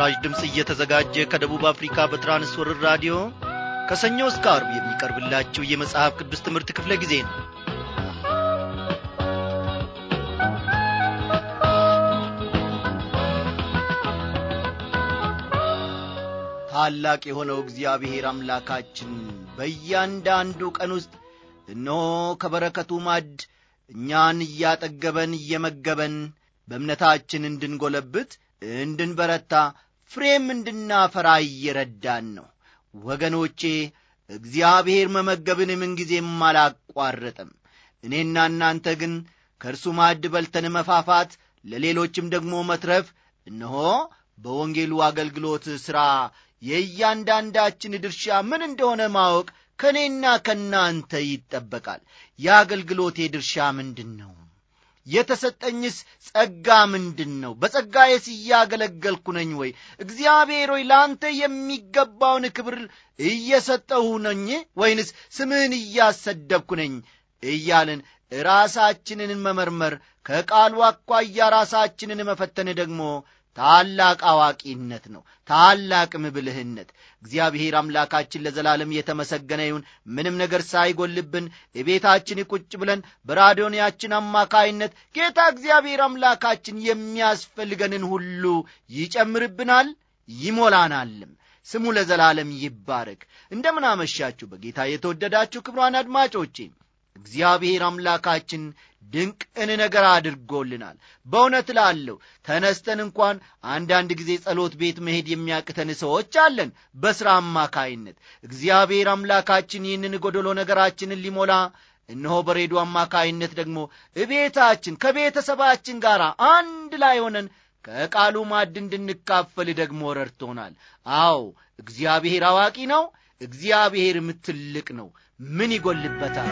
ለምስራች ድምፅ እየተዘጋጀ ከደቡብ አፍሪካ በትራንስወርር ራዲዮ ከሰኞ እስከ አርብ የሚቀርብላችሁ የመጽሐፍ ቅዱስ ትምህርት ክፍለ ጊዜ ነው ታላቅ የሆነው እግዚአብሔር አምላካችን በእያንዳንዱ ቀን ውስጥ እነሆ ከበረከቱ ማድ እኛን እያጠገበን እየመገበን በእምነታችን እንድንጎለብት እንድንበረታ ፍሬም እንድናፈራ እየረዳን ነው። ወገኖቼ እግዚአብሔር መመገብን ምንጊዜም አላቋረጥም። እኔና እናንተ ግን ከእርሱ ማዕድ በልተን መፋፋት፣ ለሌሎችም ደግሞ መትረፍ እነሆ በወንጌሉ አገልግሎት ሥራ የእያንዳንዳችን ድርሻ ምን እንደሆነ ማወቅ ከእኔና ከእናንተ ይጠበቃል። የአገልግሎቴ ድርሻ ምንድን ነው? የተሰጠኝስ ጸጋ ምንድን ነው? በጸጋዬስ እያገለገልኩ ነኝ ወይ? እግዚአብሔር ሆይ ለአንተ የሚገባውን ክብር እየሰጠሁ ነኝ ወይንስ ስምህን እያሰደብኩ ነኝ? እያልን ራሳችንን መመርመር ከቃሉ አኳያ ራሳችንን መፈተን ደግሞ ታላቅ አዋቂነት ነው። ታላቅም ብልህነት። እግዚአብሔር አምላካችን ለዘላለም የተመሰገነ ይሁን። ምንም ነገር ሳይጎልብን እቤታችን ቁጭ ብለን በራዲዮንያችን አማካይነት ጌታ እግዚአብሔር አምላካችን የሚያስፈልገንን ሁሉ ይጨምርብናል፣ ይሞላናልም። ስሙ ለዘላለም ይባረክ። እንደምን አመሻችሁ በጌታ የተወደዳችሁ ክብሯን አድማጮቼ። እግዚአብሔር አምላካችን ድንቅን ነገር አድርጎልናል። በእውነት ላለው ተነስተን እንኳን አንዳንድ ጊዜ ጸሎት ቤት መሄድ የሚያቅተን ሰዎች አለን። በሥራ አማካይነት እግዚአብሔር አምላካችን ይህንን ጎደሎ ነገራችንን ሊሞላ እነሆ በሬዲዮ አማካይነት ደግሞ እቤታችን ከቤተሰባችን ጋር አንድ ላይ ሆነን ከቃሉ ማዕድ እንድንካፈል ደግሞ ረድቶናል። አዎ እግዚአብሔር አዋቂ ነው። እግዚአብሔርም ትልቅ ነው። ምን ይጎልበታል?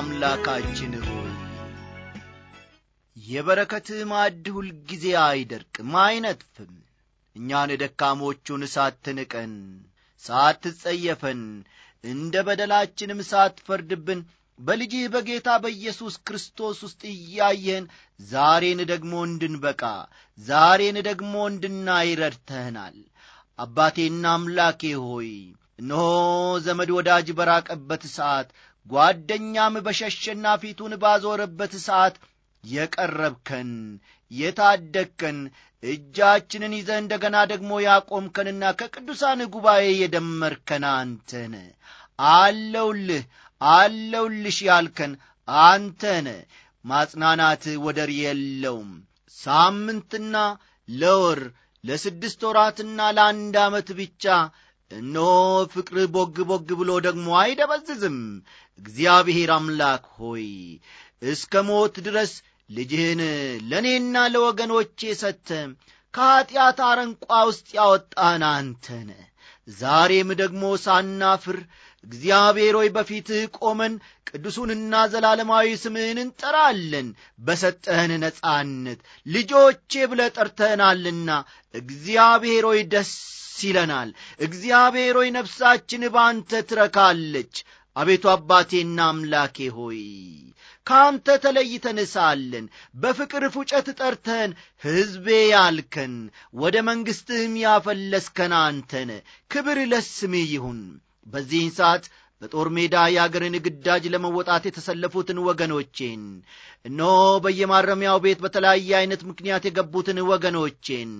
አምላካችን ሆይ የበረከትህ ማዕድ ሁልጊዜ አይደርቅም አይነጥፍም እኛን ደካሞቹን ሳትንቀን ሳትጸየፈን እንደ በደላችንም ሳትፈርድብን በልጅህ በጌታ በኢየሱስ ክርስቶስ ውስጥ እያየህን ዛሬን ደግሞ እንድንበቃ ዛሬን ደግሞ እንድናይረድተህናል አባቴና አምላኬ ሆይ እነሆ ዘመድ ወዳጅ በራቀበት ሰዓት ጓደኛም በሸሸና ፊቱን ባዞረበት ሰዓት የቀረብከን የታደግከን እጃችንን ይዘ እንደገና ደግሞ ያቆምከንና ከቅዱሳን ጉባኤ የደመርከን አንተነ አለውልህ አለውልሽ ያልከን አንተነ ማጽናናት ወደር የለውም። ሳምንትና ለወር ለስድስት ወራትና ለአንድ ዓመት ብቻ እነሆ ፍቅርህ ቦግ ቦግ ብሎ ደግሞ አይደበዝዝም። እግዚአብሔር አምላክ ሆይ እስከ ሞት ድረስ ልጅህን ለእኔና ለወገኖቼ ሰተ ከኀጢአት አረንቋ ውስጥ ያወጣን አንተነ ዛሬም ደግሞ ሳናፍር እግዚአብሔር ሆይ በፊትህ ቆመን ቅዱሱንና ዘላለማዊ ስምህን እንጠራለን። በሰጠህን ነጻነት ልጆቼ ብለህ ጠርተህናልና እግዚአብሔር ሆይ ደስ ደስ ይለናል። እግዚአብሔር ሆይ ነፍሳችን በአንተ ትረካለች። አቤቱ አባቴና አምላኬ ሆይ ከአንተ ተለይተን ሳለን በፍቅር ፉጨት ጠርተን ሕዝቤ ያልከን ወደ መንግሥትህም ያፈለስከን አንተነ ክብር ለስምህ ይሁን። በዚህን ሰዓት በጦር ሜዳ የአገርን ግዳጅ ለመወጣት የተሰለፉትን ወገኖቼን እነሆ በየማረሚያው ቤት በተለያየ አይነት ምክንያት የገቡትን ወገኖቼን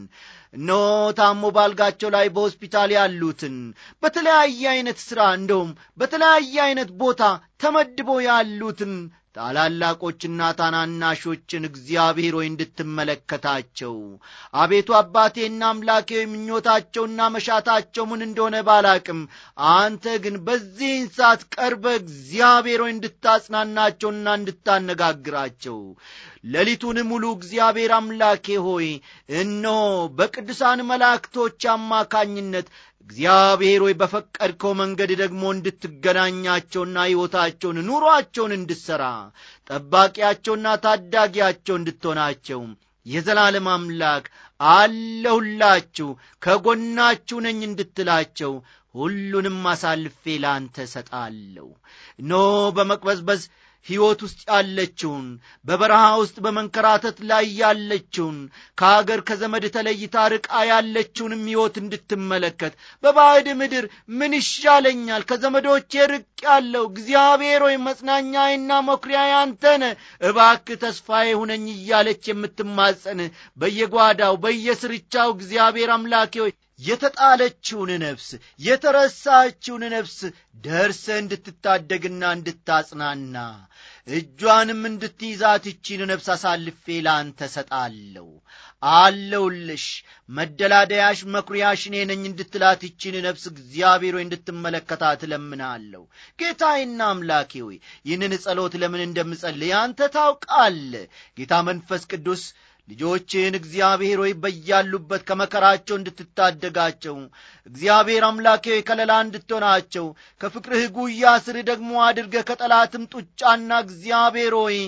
እነሆ ታሞ ባልጋቸው ላይ በሆስፒታል ያሉትን በተለያየ አይነት ሥራ እንደውም በተለያየ አይነት ቦታ ተመድቦ ያሉትን ታላላቆችና ታናናሾችን እግዚአብሔር ሆይ እንድትመለከታቸው አቤቱ አባቴና አምላኬ ምኞታቸውና መሻታቸው ምን እንደሆነ ባላቅም አንተ ግን በዚህን ሰዓት ቀርበ እግዚአብሔር ሆይ እንድታጽናናቸውና እንድታነጋግራቸው ሌሊቱን ሙሉ እግዚአብሔር አምላኬ ሆይ እነሆ በቅዱሳን መላእክቶች አማካኝነት እግዚአብሔር ሆይ በፈቀድከው መንገድ ደግሞ እንድትገናኛቸውና ሕይወታቸውን ኑሮአቸውን እንድሠራ ጠባቂያቸውና ታዳጊያቸው እንድትሆናቸው የዘላለም አምላክ አለሁላችሁ ከጎናችሁ ነኝ እንድትላቸው ሁሉንም አሳልፌ ላንተ ሰጣለሁ ኖ በመቅበዝበዝ ሕይወት ውስጥ ያለችውን በበረሃ ውስጥ በመንከራተት ላይ ያለችውን ከአገር ከዘመድ ተለይታ ርቃ ያለችውንም ሕይወት እንድትመለከት በባዕድ ምድር ምን ይሻለኛል ከዘመዶቼ ርቅ ያለው እግዚአብሔር ወይ መጽናኛዬና መኩሪያዬ ያንተነ እባክ ተስፋዬ ሁነኝ እያለች የምትማጸን በየጓዳው በየስርቻው እግዚአብሔር አምላኬ የተጣለችውን ነፍስ የተረሳችውን ነፍስ ደርሰ እንድትታደግና እንድታጽናና እጇንም እንድትይዛት ይቺን ነፍስ አሳልፌ ላንተ ሰጣለሁ አለውልሽ መደላደያሽ መኩሪያሽ እኔ ነኝ እንድትላት ይቺን ነፍስ እግዚአብሔር ወይ እንድትመለከታ ትለምናለሁ ጌታዬና አምላኬ ሆይ ይህንን ጸሎት ለምን እንደምጸልይ አንተ ታውቃለ ጌታ መንፈስ ቅዱስ ልጆችህን እግዚአብሔር ሆይ በያሉበት ከመከራቸው እንድትታደጋቸው እግዚአብሔር አምላኬ ከለላ እንድትሆናቸው ከፍቅርህ ጉያ ስር ደግሞ አድርገህ ከጠላትም ጡጫና እግዚአብሔር ሆይ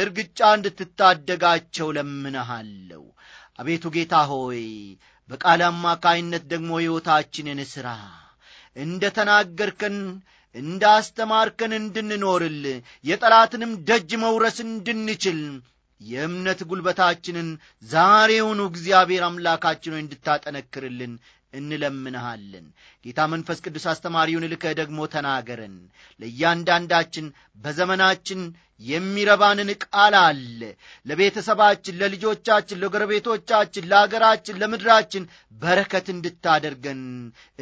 እርግጫ እንድትታደጋቸው ለምንሃለሁ። አቤቱ ጌታ ሆይ በቃል አማካይነት ደግሞ ሕይወታችንን ሥራ እንደ ተናገርከን እንዳስተማርከን እንድንኖርል የጠላትንም ደጅ መውረስ እንድንችል የእምነት ጉልበታችንን ዛሬውኑ እግዚአብሔር አምላካችን እንድታጠነክርልን እንለምንሃለን። ጌታ መንፈስ ቅዱስ አስተማሪውን ልከህ ደግሞ ተናገረን። ለእያንዳንዳችን በዘመናችን የሚረባንን ቃል አለ። ለቤተሰባችን፣ ለልጆቻችን፣ ለጎረቤቶቻችን፣ ለአገራችን፣ ለምድራችን በረከት እንድታደርገን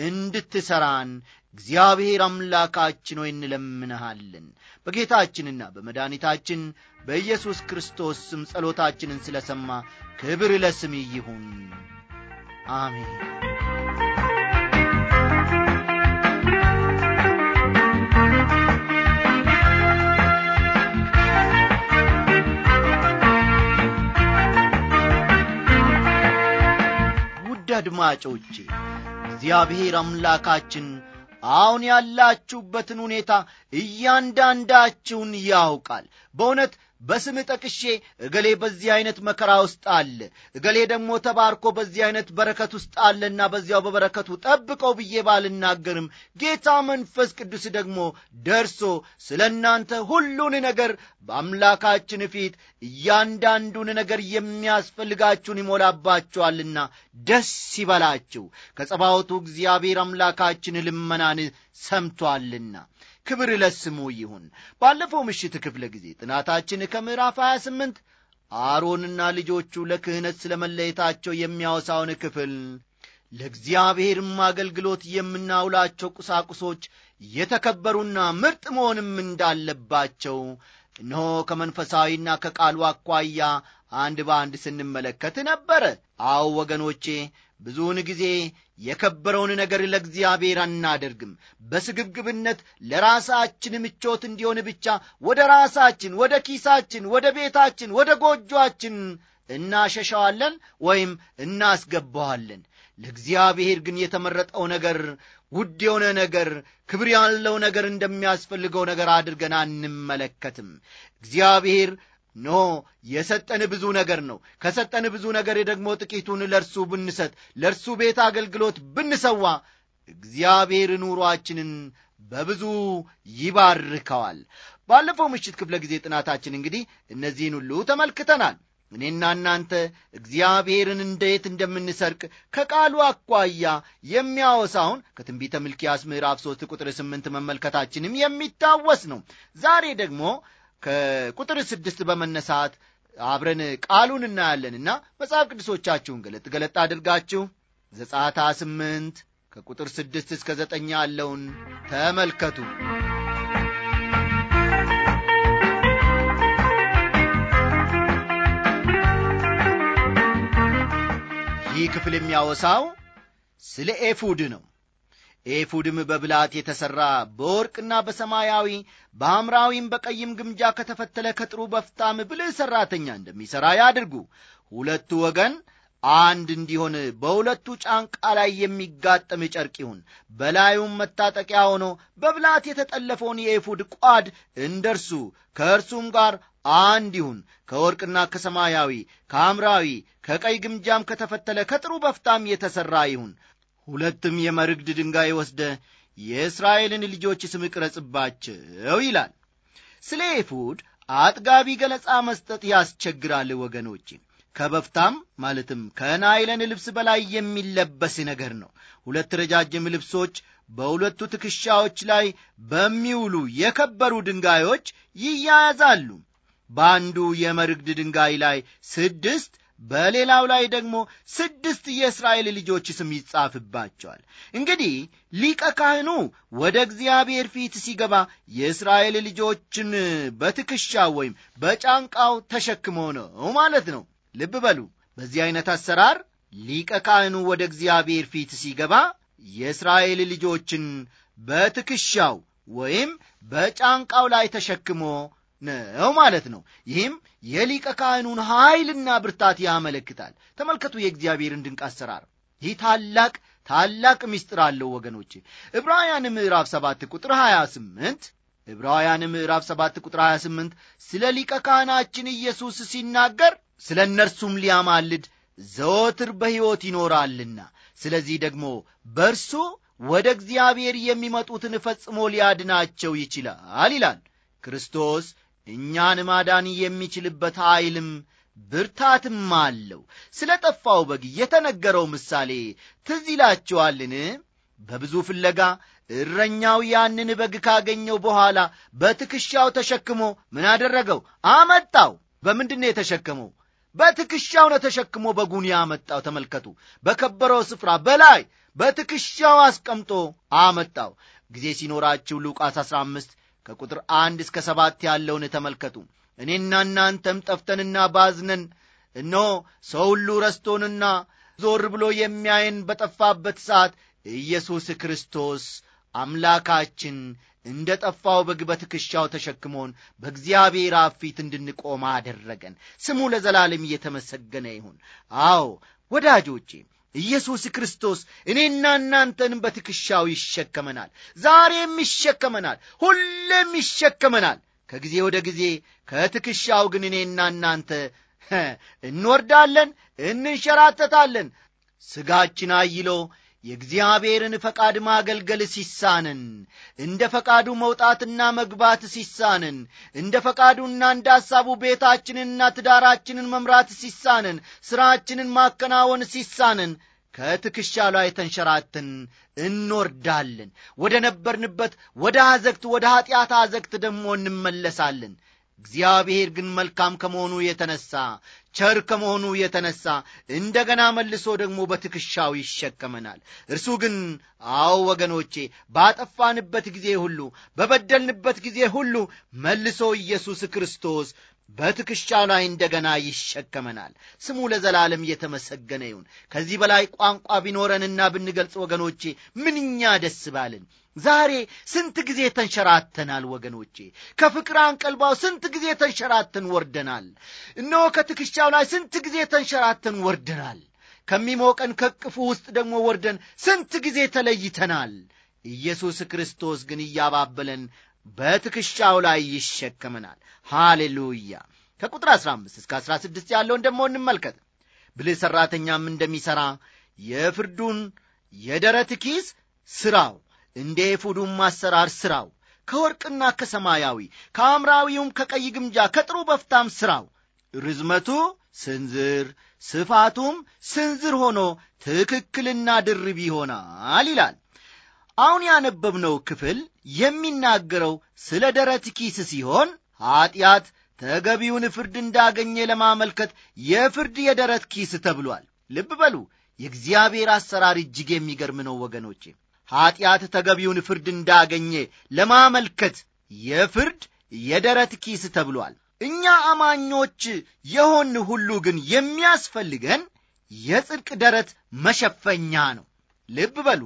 እንድትሠራን እግዚአብሔር አምላካችን ሆይ እንለምንሃለን። በጌታችንና በመድኃኒታችን በኢየሱስ ክርስቶስ ስም ጸሎታችንን ስለ ሰማ ክብር ለስም ይሁን። አሜን። አድማጮቼ እግዚአብሔር አምላካችን አሁን ያላችሁበትን ሁኔታ እያንዳንዳችሁን ያውቃል በእውነት በስም ጠቅሼ እገሌ በዚህ አይነት መከራ ውስጥ አለ፣ እገሌ ደግሞ ተባርኮ በዚህ አይነት በረከት ውስጥ አለና በዚያው በበረከቱ ጠብቀው ብዬ ባልናገርም ጌታ መንፈስ ቅዱስ ደግሞ ደርሶ ስለ እናንተ ሁሉን ነገር በአምላካችን ፊት እያንዳንዱን ነገር የሚያስፈልጋችሁን ይሞላባችኋልና ደስ ይበላችሁ፣ ከጸባወቱ እግዚአብሔር አምላካችን ልመናን ሰምቶአልና ክብር ለስሙ ይሁን። ባለፈው ምሽት ክፍለ ጊዜ ጥናታችን ከምዕራፍ 28 አሮንና ልጆቹ ለክህነት ስለ መለየታቸው የሚያወሳውን ክፍል ለእግዚአብሔርም አገልግሎት የምናውላቸው ቁሳቁሶች የተከበሩና ምርጥ መሆንም እንዳለባቸው እነሆ ከመንፈሳዊና ከቃሉ አኳያ አንድ በአንድ ስንመለከት ነበረ። አዎ ወገኖቼ፣ ብዙውን ጊዜ የከበረውን ነገር ለእግዚአብሔር አናደርግም። በስግብግብነት ለራሳችን ምቾት እንዲሆን ብቻ ወደ ራሳችን፣ ወደ ኪሳችን፣ ወደ ቤታችን፣ ወደ ጎጆአችን እናሸሸዋለን ወይም እናስገባዋለን። ለእግዚአብሔር ግን የተመረጠው ነገር ውድ የሆነ ነገር ክብር ያለው ነገር እንደሚያስፈልገው ነገር አድርገን አንመለከትም። እግዚአብሔር ኖ የሰጠን ብዙ ነገር ነው። ከሰጠን ብዙ ነገር ደግሞ ጥቂቱን ለእርሱ ብንሰጥ፣ ለእርሱ ቤት አገልግሎት ብንሰዋ እግዚአብሔር ኑሯችንን በብዙ ይባርከዋል። ባለፈው ምሽት ክፍለ ጊዜ ጥናታችን እንግዲህ እነዚህን ሁሉ ተመልክተናል። እኔና እናንተ እግዚአብሔርን እንዴት እንደምንሰርቅ ከቃሉ አኳያ የሚያወሳውን ከትንቢተ ምልኪያስ ምዕራፍ ሦስት ቁጥር ስምንት መመልከታችንም የሚታወስ ነው። ዛሬ ደግሞ ከቁጥር ስድስት በመነሳት አብረን ቃሉን እናያለንና መጽሐፍ ቅዱሶቻችሁን ገለጥ ገለጥ አድርጋችሁ ዘጻታ ስምንት ከቁጥር ስድስት እስከ ዘጠኝ ያለውን ተመልከቱ። ይህ ክፍል የሚያወሳው ስለ ኤፉድ ነው። ኤፉድም በብላት የተሠራ በወርቅና በሰማያዊ በሐምራዊም በቀይም ግምጃ ከተፈተለ ከጥሩ በፍታም ብልህ ሠራተኛ እንደሚሠራ ያድርጉ። ሁለቱ ወገን አንድ እንዲሆን በሁለቱ ጫንቃ ላይ የሚጋጠም ጨርቅ ይሁን። በላዩም መታጠቂያ ሆኖ በብላት የተጠለፈውን የኤፉድ ቋድ እርሱ ከእርሱም ጋር አንድ ይሁን። ከወርቅና ከሰማያዊ ከሐምራዊ ከቀይ ግምጃም ከተፈተለ ከጥሩ በፍታም የተሠራ ይሁን። ሁለትም የመርግድ ድንጋይ ወስደ የእስራኤልን ልጆች ስም ቅረጽባቸው ይላል። ስለ ኤፉድ አጥጋቢ ገለጻ መስጠት ያስቸግራል ወገኖች ከበፍታም ማለትም ከናይለን ልብስ በላይ የሚለበስ ነገር ነው። ሁለት ረጃጅም ልብሶች በሁለቱ ትከሻዎች ላይ በሚውሉ የከበሩ ድንጋዮች ይያያዛሉ። በአንዱ የመርግድ ድንጋይ ላይ ስድስት በሌላው ላይ ደግሞ ስድስት የእስራኤል ልጆች ስም ይጻፍባቸዋል። እንግዲህ ሊቀ ካህኑ ወደ እግዚአብሔር ፊት ሲገባ የእስራኤል ልጆችን በትከሻው ወይም በጫንቃው ተሸክሞ ነው ማለት ነው። ልብ በሉ። በዚህ አይነት አሰራር ሊቀ ካህኑ ወደ እግዚአብሔር ፊት ሲገባ የእስራኤል ልጆችን በትከሻው ወይም በጫንቃው ላይ ተሸክሞ ነው ማለት ነው። ይህም የሊቀ ካህኑን ኃይልና ብርታት ያመለክታል። ተመልከቱ የእግዚአብሔርን ድንቅ አሰራር። ይህ ታላቅ ታላቅ ምስጢር አለው ወገኖቼ። ዕብራውያን ምዕራፍ 7 ቁጥር 28 ዕብራውያን ምዕራፍ 7 ቁጥር 28 ስለ ሊቀ ካህናችን ኢየሱስ ሲናገር ስለ እነርሱም ሊያማልድ ዘወትር በሕይወት ይኖራልና ስለዚህ ደግሞ በእርሱ ወደ እግዚአብሔር የሚመጡትን ፈጽሞ ሊያድናቸው ይችላል ይላል። ክርስቶስ እኛን ማዳን የሚችልበት ኃይልም ብርታትም አለው። ስለ ጠፋው በግ የተነገረው ምሳሌ ትዝ ይላችኋልን? በብዙ ፍለጋ እረኛው ያንን በግ ካገኘው በኋላ በትከሻው ተሸክሞ ምን አደረገው? አመጣው። በምንድን ነው የተሸከመው? በትከሻው ነው ተሸክሞ በጉን ያመጣው። ተመልከቱ። በከበረው ስፍራ በላይ በትከሻው አስቀምጦ አመጣው። ጊዜ ሲኖራችሁ ሉቃስ 15 ከቁጥር አንድ እስከ ሰባት ያለውን ተመልከቱ እኔና እናንተም ጠፍተንና ባዝነን እኖ ሰው ሁሉ ረስቶንና ዞር ብሎ የሚያይን በጠፋበት ሰዓት ኢየሱስ ክርስቶስ አምላካችን እንደ ጠፋው በግ በትከሻው ተሸክሞን በእግዚአብሔር አብ ፊት እንድንቆም አደረገን። ስሙ ለዘላለም እየተመሰገነ ይሁን። አዎ ወዳጆቼ ኢየሱስ ክርስቶስ እኔና እናንተን በትከሻው ይሸከመናል። ዛሬም ይሸከመናል። ሁሌም ይሸከመናል። ከጊዜ ወደ ጊዜ ከትከሻው ግን እኔና እናንተ እንወርዳለን፣ እንንሸራተታለን። ሥጋችን አይሎ የእግዚአብሔርን ፈቃድ ማገልገል ሲሳነን፣ እንደ ፈቃዱ መውጣትና መግባት ሲሳነን፣ እንደ ፈቃዱና እንደ ሐሳቡ ቤታችንንና ትዳራችንን መምራት ሲሳነን፣ ሥራችንን ማከናወን ሲሳነን ከትከሻ ላይ ተንሸራትን እንወርዳለን። ወደ ነበርንበት ወደ አዘግት ወደ ኀጢአት አዘግት ደግሞ እንመለሳለን። እግዚአብሔር ግን መልካም ከመሆኑ የተነሳ ቸር ከመሆኑ የተነሳ እንደገና መልሶ ደግሞ በትከሻው ይሸከመናል። እርሱ ግን አዎ ወገኖቼ፣ ባጠፋንበት ጊዜ ሁሉ፣ በበደልንበት ጊዜ ሁሉ መልሶ ኢየሱስ ክርስቶስ በትከሻው ላይ እንደገና ይሸከመናል። ስሙ ለዘላለም እየተመሰገነ ይሁን። ከዚህ በላይ ቋንቋ ቢኖረንና ብንገልጽ ወገኖቼ ምንኛ ደስ ባልን። ዛሬ ስንት ጊዜ ተንሸራተናል ወገኖቼ። ከፍቅር አንቀልባው ስንት ጊዜ ተንሸራተን ወርደናል። እነሆ ከትከሻው ላይ ስንት ጊዜ ተንሸራተን ወርደናል። ከሚሞቀን ከቅፉ ውስጥ ደግሞ ወርደን ስንት ጊዜ ተለይተናል። ኢየሱስ ክርስቶስ ግን እያባበለን በትከሻው ላይ ይሸከመናል። ሃሌሉያ። ከቁጥር 15 እስከ 16 ያለውን ደግሞ እንመልከት። ብልህ ሠራተኛም እንደሚሠራ የፍርዱን የደረት ኪስ ሥራው እንደ ኤፉዱም አሰራር ሥራው ከወርቅና ከሰማያዊ ከሐምራዊውም ከቀይ ግምጃ ከጥሩ በፍታም ሥራው ርዝመቱ ስንዝር ስፋቱም ስንዝር ሆኖ ትክክልና ድርብ ይሆናል ይላል። አሁን ያነበብነው ክፍል የሚናገረው ስለ ደረት ኪስ ሲሆን ኀጢአት ተገቢውን ፍርድ እንዳገኘ ለማመልከት የፍርድ የደረት ኪስ ተብሏል። ልብ በሉ የእግዚአብሔር አሰራር እጅግ የሚገርም ነው ወገኖቼ። ኀጢአት ተገቢውን ፍርድ እንዳገኘ ለማመልከት የፍርድ የደረት ኪስ ተብሏል። እኛ አማኞች የሆን ሁሉ ግን የሚያስፈልገን የጽድቅ ደረት መሸፈኛ ነው። ልብ በሉ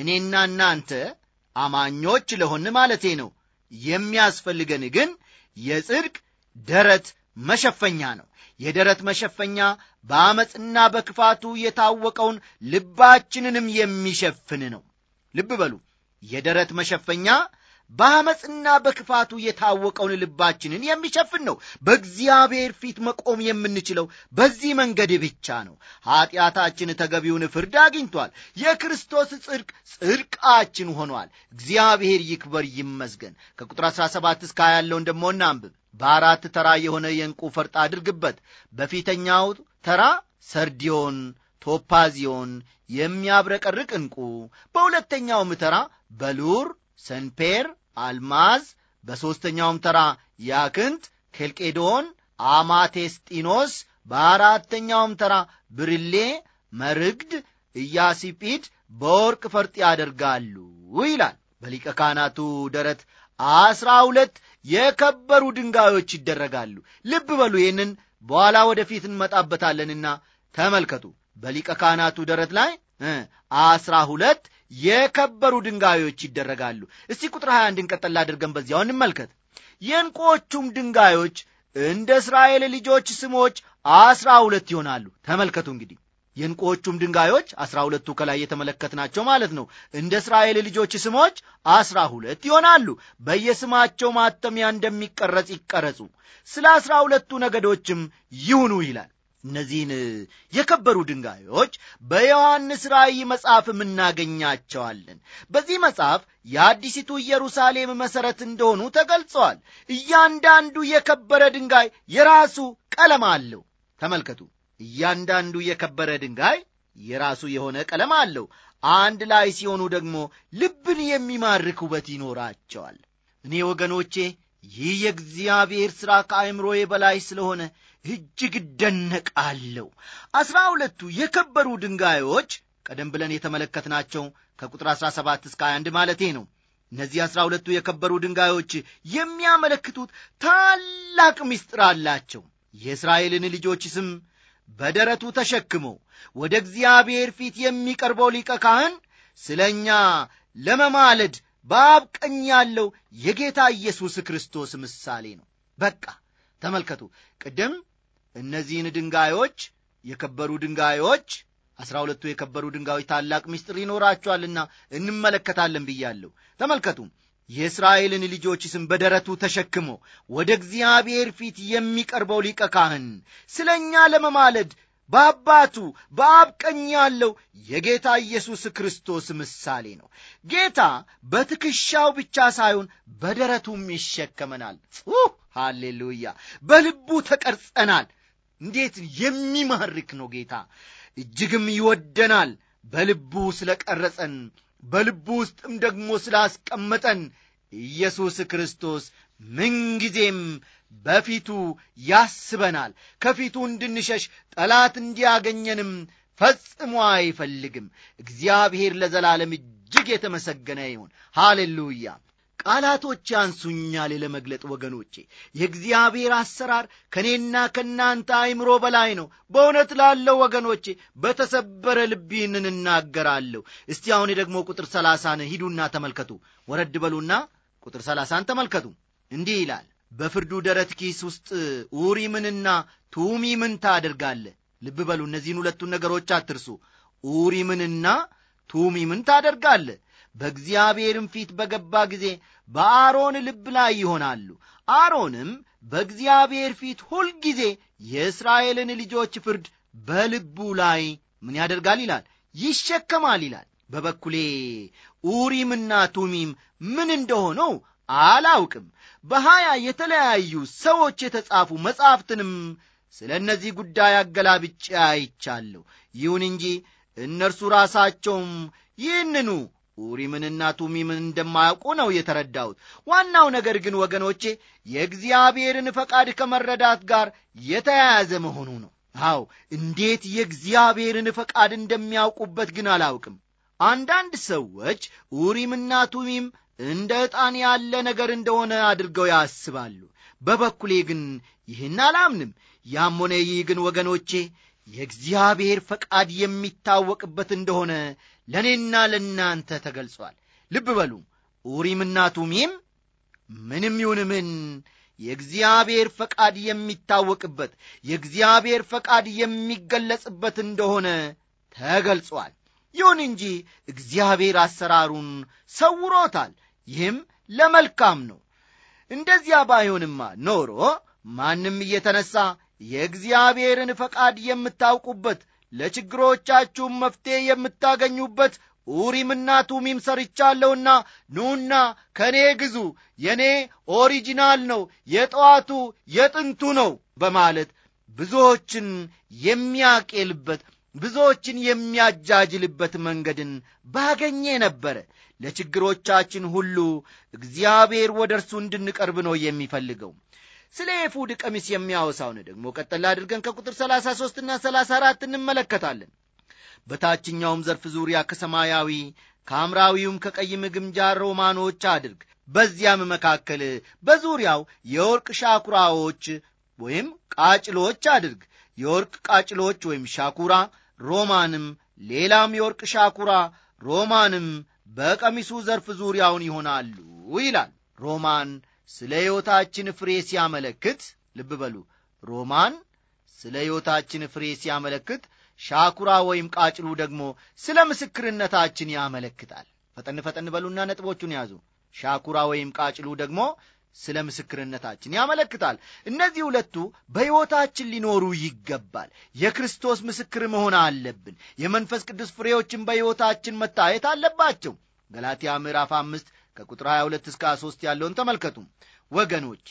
እኔና እናንተ አማኞች ለሆን ማለቴ ነው። የሚያስፈልገን ግን የጽድቅ ደረት መሸፈኛ ነው። የደረት መሸፈኛ በአመፅና በክፋቱ የታወቀውን ልባችንንም የሚሸፍን ነው። ልብ በሉ፣ የደረት መሸፈኛ በአመፅና በክፋቱ የታወቀውን ልባችንን የሚሸፍን ነው። በእግዚአብሔር ፊት መቆም የምንችለው በዚህ መንገድ ብቻ ነው። ኀጢአታችን ተገቢውን ፍርድ አግኝቷል። የክርስቶስ ጽድቅ ጽድቃችን ሆኗል። እግዚአብሔር ይክበር ይመስገን። ከቁጥር 17 እስከ 20 ያለውን ደሞ እናንብብ። በአራት ተራ የሆነ የእንቁ ፈርጥ አድርግበት። በፊተኛው ተራ ሰርዲዮን፣ ቶፓዚዮን የሚያብረቀርቅ እንቁ፣ በሁለተኛውም ተራ በሉር ሰንፔር፣ አልማዝ፣ በሦስተኛውም ተራ ያክንት፣ ኬልቄዶን፣ አማቴስጢኖስ፣ በአራተኛውም ተራ ብርሌ፣ መርግድ፣ ኢያሲጲድ በወርቅ ፈርጥ ያደርጋሉ ይላል። በሊቀ ካህናቱ ደረት አስራ ሁለት የከበሩ ድንጋዮች ይደረጋሉ። ልብ በሉ፣ ይህንን በኋላ ወደፊት እንመጣበታለንና ተመልከቱ። በሊቀ ካህናቱ ደረት ላይ አስራ ሁለት የከበሩ ድንጋዮች ይደረጋሉ። እስቲ ቁጥር 21 እንቀጠል አድርገን በዚያው እንመልከት። የእንቁዎቹም ድንጋዮች እንደ እስራኤል ልጆች ስሞች አስራ ሁለት ይሆናሉ። ተመልከቱ እንግዲህ የዕንቆቹም ድንጋዮች አስራ ሁለቱ ከላይ የተመለከትናቸው ማለት ነው። እንደ እስራኤል ልጆች ስሞች አስራ ሁለት ይሆናሉ። በየስማቸው ማተሚያ እንደሚቀረጽ ይቀረጹ። ስለ አስራ ሁለቱ ነገዶችም ይሁኑ ይላል። እነዚህን የከበሩ ድንጋዮች በዮሐንስ ራእይ መጽሐፍም እናገኛቸዋለን። በዚህ መጽሐፍ የአዲሲቱ ኢየሩሳሌም መሠረት እንደሆኑ ተገልጸዋል። እያንዳንዱ የከበረ ድንጋይ የራሱ ቀለም አለው። ተመልከቱ፣ እያንዳንዱ የከበረ ድንጋይ የራሱ የሆነ ቀለም አለው። አንድ ላይ ሲሆኑ ደግሞ ልብን የሚማርክ ውበት ይኖራቸዋል። እኔ ወገኖቼ ይህ የእግዚአብሔር ሥራ ከአእምሮዬ በላይ ስለሆነ እጅግ ደነቃለሁ። አስራ ሁለቱ የከበሩ ድንጋዮች ቀደም ብለን የተመለከትናቸው ከቁጥር 17 እስከ 21 ማለቴ ነው። እነዚህ አስራ ሁለቱ የከበሩ ድንጋዮች የሚያመለክቱት ታላቅ ምስጢር አላቸው። የእስራኤልን ልጆች ስም በደረቱ ተሸክሞ ወደ እግዚአብሔር ፊት የሚቀርበው ሊቀ ካህን ስለ እኛ ለመማለድ በአብ ቀኝ ያለው የጌታ ኢየሱስ ክርስቶስ ምሳሌ ነው። በቃ ተመልከቱ፣ ቅድም እነዚህን ድንጋዮች የከበሩ ድንጋዮች አስራ ሁለቱ የከበሩ ድንጋዮች ታላቅ ምስጢር ይኖራቸዋልና እንመለከታለን ብያለሁ። ተመልከቱ የእስራኤልን ልጆች ስም በደረቱ ተሸክሞ ወደ እግዚአብሔር ፊት የሚቀርበው ሊቀ ካህን ስለ እኛ ለመማለድ በአባቱ በአብቀኝ ያለው የጌታ ኢየሱስ ክርስቶስ ምሳሌ ነው። ጌታ በትከሻው ብቻ ሳይሆን በደረቱም ይሸከመናል። ሃሌሉያ! በልቡ ተቀርጸናል። እንዴት የሚማርክ ነው ጌታ! እጅግም ይወደናል። በልቡ ስለ ቀረጸን፣ በልቡ ውስጥም ደግሞ ስላስቀመጠን ኢየሱስ ክርስቶስ ምንጊዜም በፊቱ ያስበናል። ከፊቱ እንድንሸሽ ጠላት እንዲያገኘንም ፈጽሞ አይፈልግም። እግዚአብሔር ለዘላለም እጅግ የተመሰገነ ይሁን። ሃሌሉያ! ቃላቶች አንሱኛል ለመግለጥ ወገኖቼ የእግዚአብሔር አሰራር ከእኔና ከእናንተ አይምሮ በላይ ነው በእውነት ላለው ወገኖቼ በተሰበረ ልቤንን እናገራለሁ እስቲ አሁን ደግሞ ቁጥር ሰላሳን ሂዱና ተመልከቱ ወረድ በሉና ቁጥር ሰላሳን ተመልከቱ እንዲህ ይላል በፍርዱ ደረት ኪስ ውስጥ ኡሪምንና ቱሚምን ታደርጋለ ልብ በሉ እነዚህን ሁለቱን ነገሮች አትርሱ ኡሪምንና ቱሚምን ታደርጋለህ በእግዚአብሔርም ፊት በገባ ጊዜ በአሮን ልብ ላይ ይሆናሉ። አሮንም በእግዚአብሔር ፊት ሁልጊዜ የእስራኤልን ልጆች ፍርድ በልቡ ላይ ምን ያደርጋል ይላል ይሸከማል ይላል። በበኩሌ ኡሪምና ቱሚም ምን እንደሆነው አላውቅም። በሀያ የተለያዩ ሰዎች የተጻፉ መጻሕፍትንም ስለ እነዚህ ጉዳይ አገላብጬ አይቻለሁ። ይሁን እንጂ እነርሱ ራሳቸውም ይህንኑ ኡሪምንና ቱሚምን እንደማያውቁ ነው የተረዳሁት። ዋናው ነገር ግን ወገኖቼ የእግዚአብሔርን ፈቃድ ከመረዳት ጋር የተያያዘ መሆኑ ነው። አው እንዴት የእግዚአብሔርን ፈቃድ እንደሚያውቁበት ግን አላውቅም። አንዳንድ ሰዎች ኡሪምና ቱሚም እንደ ዕጣን ያለ ነገር እንደሆነ አድርገው ያስባሉ። በበኩሌ ግን ይህን አላምንም። ያም ሆነ ይህ ግን ወገኖቼ የእግዚአብሔር ፈቃድ የሚታወቅበት እንደሆነ ለእኔና ለእናንተ ተገልጿል። ልብ በሉ ኡሪምና ቱሚም ምንም ይሁን ምን የእግዚአብሔር ፈቃድ የሚታወቅበት የእግዚአብሔር ፈቃድ የሚገለጽበት እንደሆነ ተገልጿል። ይሁን እንጂ እግዚአብሔር አሰራሩን ሰውሮታል። ይህም ለመልካም ነው። እንደዚያ ባይሆንማ ኖሮ ማንም እየተነሣ የእግዚአብሔርን ፈቃድ የምታውቁበት ለችግሮቻችሁም መፍትሄ የምታገኙበት ኡሪምና ቱሚም ሰርቻለሁና ኑና ከእኔ ግዙ፣ የእኔ ኦሪጂናል ነው፣ የጠዋቱ የጥንቱ ነው በማለት ብዙዎችን የሚያቄልበት ብዙዎችን የሚያጃጅልበት መንገድን ባገኘ ነበረ። ለችግሮቻችን ሁሉ እግዚአብሔር ወደ እርሱ እንድንቀርብ ነው የሚፈልገው። ስለ ኤፉድ ቀሚስ የሚያወሳውን ደግሞ ቀጠል አድርገን ከቁጥር 33 እና 34 እንመለከታለን። በታችኛውም ዘርፍ ዙሪያ ከሰማያዊ ከሐምራዊውም ከቀይም ግምጃ ሮማኖች አድርግ። በዚያም መካከል በዙሪያው የወርቅ ሻኩራዎች ወይም ቃጭሎች አድርግ። የወርቅ ቃጭሎች ወይም ሻኩራ ሮማንም ሌላም የወርቅ ሻኩራ ሮማንም በቀሚሱ ዘርፍ ዙሪያውን ይሆናሉ ይላል። ሮማን ስለ ሕይወታችን ፍሬ ሲያመለክት ልብ በሉ ሮማን ስለ ሕይወታችን ፍሬ ሲያመለክት ሻኩራ ወይም ቃጭሉ ደግሞ ስለ ምስክርነታችን ያመለክታል። ፈጠን ፈጠን በሉና ነጥቦቹን ያዙ። ሻኩራ ወይም ቃጭሉ ደግሞ ስለ ምስክርነታችን ያመለክታል። እነዚህ ሁለቱ በሕይወታችን ሊኖሩ ይገባል። የክርስቶስ ምስክር መሆን አለብን። የመንፈስ ቅዱስ ፍሬዎችን በሕይወታችን መታየት አለባቸው። ገላትያ ምዕራፍ አምስት ከቁጥር 22 እስከ 23 ያለውን ተመልከቱ። ወገኖቼ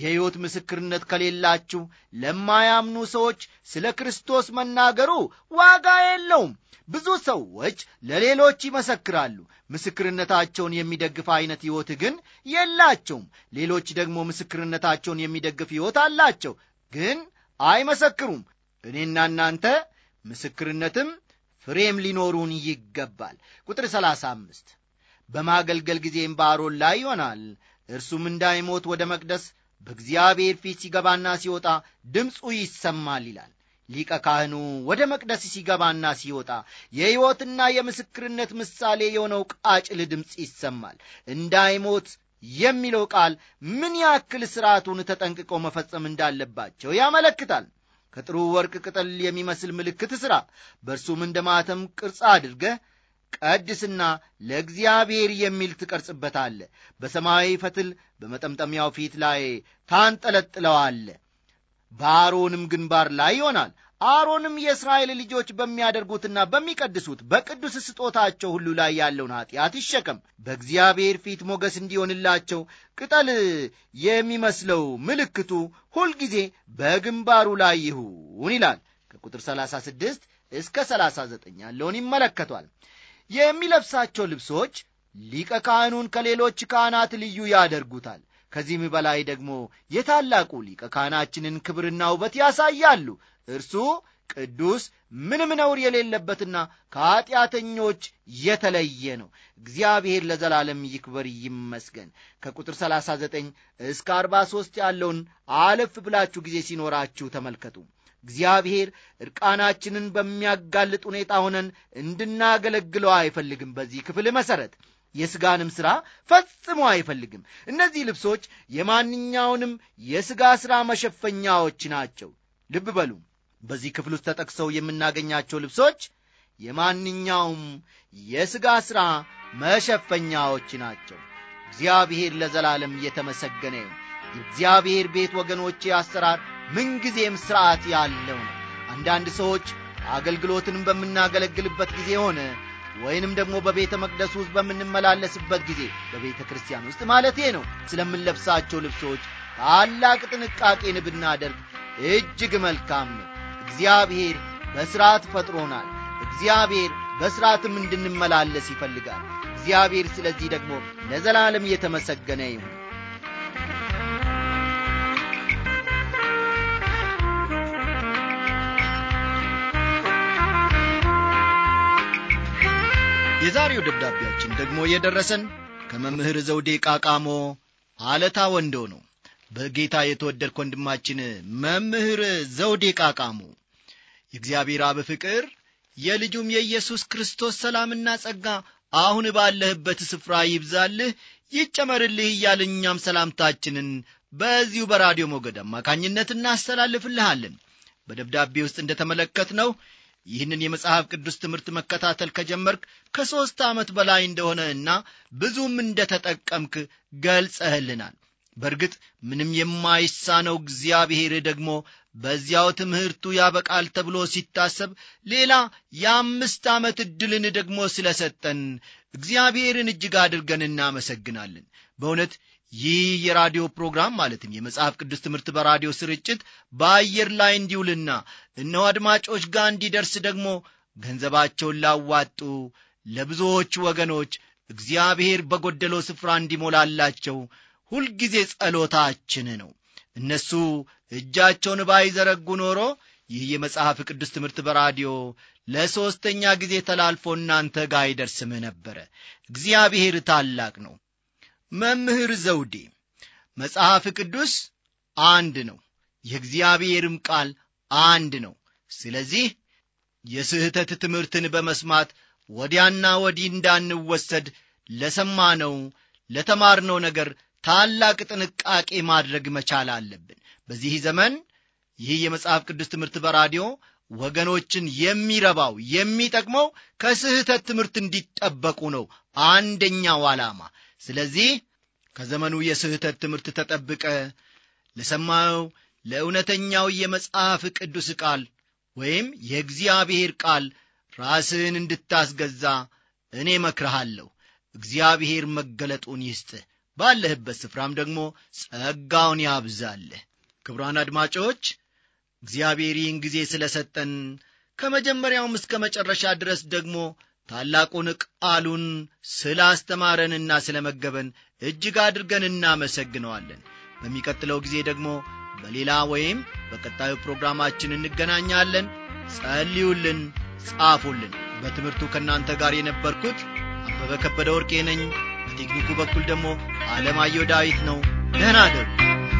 የሕይወት ምስክርነት ከሌላችሁ ለማያምኑ ሰዎች ስለ ክርስቶስ መናገሩ ዋጋ የለውም። ብዙ ሰዎች ለሌሎች ይመሰክራሉ፣ ምስክርነታቸውን የሚደግፍ አይነት ሕይወት ግን የላቸውም። ሌሎች ደግሞ ምስክርነታቸውን የሚደግፍ ሕይወት አላቸው፣ ግን አይመሰክሩም። እኔና እናንተ ምስክርነትም ፍሬም ሊኖሩን ይገባል። ቁጥር 35 በማገልገል ጊዜም በአሮን ላይ ይሆናል። እርሱም እንዳይሞት ወደ መቅደስ በእግዚአብሔር ፊት ሲገባና ሲወጣ ድምፁ ይሰማል ይላል። ሊቀ ካህኑ ወደ መቅደስ ሲገባና ሲወጣ የሕይወትና የምስክርነት ምሳሌ የሆነው ቃጭል ድምፅ ይሰማል። እንዳይሞት የሚለው ቃል ምን ያክል ሥርዓቱን ተጠንቅቆ መፈጸም እንዳለባቸው ያመለክታል። ከጥሩ ወርቅ ቅጠል የሚመስል ምልክት ሥራ፣ በእርሱም እንደ ማተም ቅርጽ አድርገህ ቀድስና ለእግዚአብሔር የሚል ትቀርጽበታለ። በሰማያዊ ፈትል በመጠምጠሚያው ፊት ላይ ታንጠለጥለዋለ። በአሮንም ግንባር ላይ ይሆናል። አሮንም የእስራኤል ልጆች በሚያደርጉትና በሚቀድሱት በቅዱስ ስጦታቸው ሁሉ ላይ ያለውን ኀጢአት ይሸከም። በእግዚአብሔር ፊት ሞገስ እንዲሆንላቸው ቅጠል የሚመስለው ምልክቱ ሁልጊዜ በግንባሩ ላይ ይሁን ይላል። ከቁጥር 36 እስከ 39 ያለውን ይመለከቷል። የሚለብሳቸው ልብሶች ሊቀ ካህኑን ከሌሎች ካህናት ልዩ ያደርጉታል። ከዚህም በላይ ደግሞ የታላቁ ሊቀ ካህናችንን ክብርና ውበት ያሳያሉ። እርሱ ቅዱስ፣ ምንም ነውር የሌለበትና ከኀጢአተኞች የተለየ ነው። እግዚአብሔር ለዘላለም ይክበር ይመስገን። ከቁጥር 39 እስከ 43 ያለውን አለፍ ብላችሁ ጊዜ ሲኖራችሁ ተመልከቱ። እግዚአብሔር ዕርቃናችንን በሚያጋልጥ ሁኔታ ሆነን እንድናገለግለው አይፈልግም። በዚህ ክፍል መሠረት የሥጋንም ሥራ ፈጽሞ አይፈልግም። እነዚህ ልብሶች የማንኛውንም የሥጋ ሥራ መሸፈኛዎች ናቸው። ልብ በሉ፣ በዚህ ክፍል ውስጥ ተጠቅሰው የምናገኛቸው ልብሶች የማንኛውም የሥጋ ሥራ መሸፈኛዎች ናቸው። እግዚአብሔር ለዘላለም እየተመሰገነ እግዚአብሔር ቤት ወገኖቼ አሰራር ምንጊዜም ሥርዓት ያለው ነው አንዳንድ ሰዎች አገልግሎትንም በምናገለግልበት ጊዜ ሆነ ወይንም ደግሞ በቤተ መቅደስ ውስጥ በምንመላለስበት ጊዜ በቤተ ክርስቲያን ውስጥ ማለቴ ነው ስለምንለብሳቸው ልብሶች ታላቅ ጥንቃቄን ብናደርግ እጅግ መልካም ነው እግዚአብሔር በሥርዓት ፈጥሮናል እግዚአብሔር በሥርዓትም እንድንመላለስ ይፈልጋል እግዚአብሔር ስለዚህ ደግሞ ለዘላለም የተመሰገነ ይሁን የዛሬው ደብዳቤያችን ደግሞ የደረሰን ከመምህር ዘውዴ ቃቃሞ አለታ ወንዶ ነው። በጌታ የተወደድክ ወንድማችን መምህር ዘውዴ ቃቃሞ የእግዚአብሔር አብ ፍቅር የልጁም የኢየሱስ ክርስቶስ ሰላምና ጸጋ አሁን ባለህበት ስፍራ ይብዛልህ ይጨመርልህ እያል እኛም ሰላምታችንን በዚሁ በራዲዮ ሞገድ አማካኝነት እናስተላልፍልሃለን። በደብዳቤ ውስጥ ነው። ይህንን የመጽሐፍ ቅዱስ ትምህርት መከታተል ከጀመርክ ከሦስት ዓመት በላይ እንደሆነ እና ብዙም እንደተጠቀምክ ገልጸህልናል። በእርግጥ ምንም የማይሳነው እግዚአብሔር ደግሞ በዚያው ትምህርቱ ያበቃል ተብሎ ሲታሰብ ሌላ የአምስት ዓመት ዕድልን ደግሞ ስለሰጠን እግዚአብሔርን እጅግ አድርገን እናመሰግናለን። በእውነት ይህ የራዲዮ ፕሮግራም ማለትም የመጽሐፍ ቅዱስ ትምህርት በራዲዮ ስርጭት በአየር ላይ እንዲውልና እነሆ አድማጮች ጋር እንዲደርስ ደግሞ ገንዘባቸውን ላዋጡ ለብዙዎች ወገኖች እግዚአብሔር በጎደለው ስፍራ እንዲሞላላቸው ሁልጊዜ ጸሎታችን ነው። እነሱ እጃቸውን ባይዘረጉ ኖሮ ይህ የመጽሐፍ ቅዱስ ትምህርት በራዲዮ ለሦስተኛ ጊዜ ተላልፎ እናንተ ጋር አይደርስም ነበረ። እግዚአብሔር ታላቅ ነው። መምህር ዘውዴ መጽሐፍ ቅዱስ አንድ ነው የእግዚአብሔርም ቃል አንድ ነው ስለዚህ የስህተት ትምህርትን በመስማት ወዲያና ወዲህ እንዳንወሰድ ለሰማነው ለተማርነው ነገር ታላቅ ጥንቃቄ ማድረግ መቻል አለብን በዚህ ዘመን ይህ የመጽሐፍ ቅዱስ ትምህርት በራዲዮ ወገኖችን የሚረባው የሚጠቅመው ከስህተት ትምህርት እንዲጠበቁ ነው አንደኛው ዓላማ ስለዚህ ከዘመኑ የስህተት ትምህርት ተጠብቀ ለሰማው ለእውነተኛው የመጽሐፍ ቅዱስ ቃል ወይም የእግዚአብሔር ቃል ራስህን እንድታስገዛ እኔ መክረሃለሁ እግዚአብሔር መገለጡን ይስጥህ ባለህበት ስፍራም ደግሞ ጸጋውን ያብዛልህ ክብሯን አድማጮች እግዚአብሔር ይህን ጊዜ ስለ ሰጠን ከመጀመሪያውም እስከ መጨረሻ ድረስ ደግሞ ታላቁን ቃሉን አስተማረንና ስለ መገበን እጅግ አድርገን እናመሰግነዋለን በሚቀጥለው ጊዜ ደግሞ በሌላ ወይም በቀጣዩ ፕሮግራማችን እንገናኛለን ጸልዩልን ጻፉልን በትምህርቱ ከእናንተ ጋር የነበርኩት አበበ ከበደ ወርቄ ነኝ በቴክኒኩ በኩል ደግሞ አለማየሁ ዳዊት ነው ደህና አደሩ